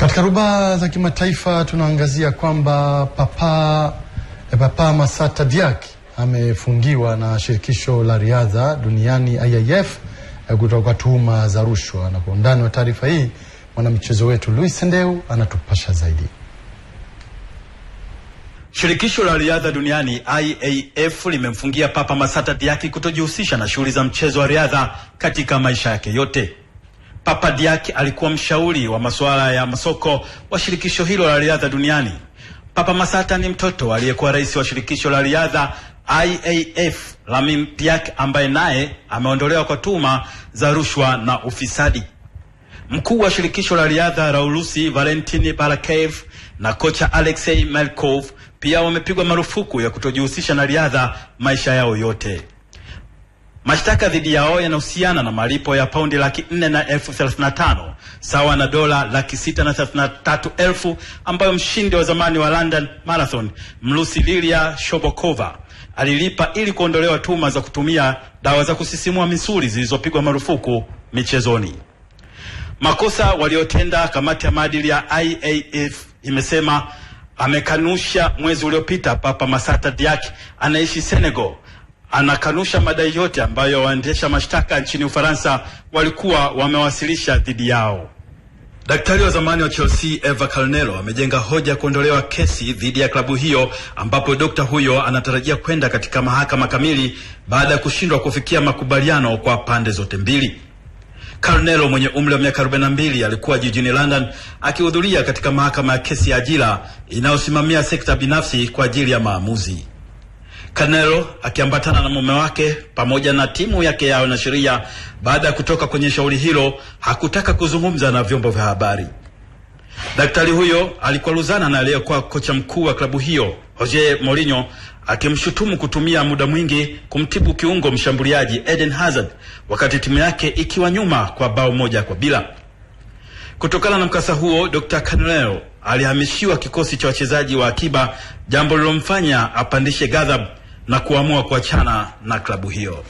Katika rubaa za kimataifa tunaangazia kwamba Papa, eh, Papa Masata Diak amefungiwa na shirikisho la riadha duniani e, kutoka kwa tuhuma za rushwa. Na kwa undani wa taarifa hii, mwanamchezo wetu Luis Ndeu anatupasha zaidi. Shirikisho la riadha duniani iaf limemfungia Papa Masata Diaki kutojihusisha na shughuli za mchezo wa riadha katika maisha yake yote. Diak alikuwa mshauri wa masuala ya masoko wa shirikisho hilo la riadha duniani. Papa Masata ni mtoto aliyekuwa rais wa shirikisho la riadha IAF lamim Piak, ambaye naye ameondolewa kwa tuhuma za rushwa na ufisadi. Mkuu wa shirikisho la riadha la Urusi Valentini Barakev na kocha Alexei Melkov pia wamepigwa marufuku ya kutojihusisha na riadha maisha yao yote. Mashtaka dhidi yao yanahusiana na malipo ya paundi laki nne na elfu thelathini na tano sawa na dola laki sita na thelathini na tatu elfu ambayo mshindi wa zamani wa London Marathon Mrusi Lilia Shobokova alilipa ili kuondolewa tuma za kutumia dawa za kusisimua misuli zilizopigwa marufuku michezoni. Makosa waliotenda, kamati ya maadili ya IAAF imesema amekanusha mwezi uliopita Papa Masata Diak anaishi Senegal anakanusha madai yote ambayo waendesha mashtaka nchini Ufaransa walikuwa wamewasilisha dhidi yao. Daktari wa zamani wa Chelsea Eva Carnero amejenga hoja ya kuondolewa kesi dhidi ya klabu hiyo ambapo dokta huyo anatarajia kwenda katika mahakama kamili baada ya kushindwa kufikia makubaliano kwa pande zote mbili. carnelo mwenye umri wa miaka 42 alikuwa jijini London akihudhuria katika mahakama ya kesi ya ajira inayosimamia sekta binafsi kwa ajili ya maamuzi. Canelo akiambatana na mume wake pamoja na timu yake ya wanasheria, baada ya kutoka kwenye shauri hilo, hakutaka kuzungumza na vyombo vya habari. Daktari huyo alikwaruzana na aliyekuwa kocha mkuu wa klabu hiyo Jose Mourinho akimshutumu kutumia muda mwingi kumtibu kiungo mshambuliaji Eden Hazard wakati timu yake ikiwa nyuma kwa bao moja kwa bila. Kutokana na mkasa huo, Dr. Canelo alihamishiwa kikosi cha wachezaji wa akiba, jambo lilomfanya apandishe ghadhabu na kuamua kuachana na klabu hiyo.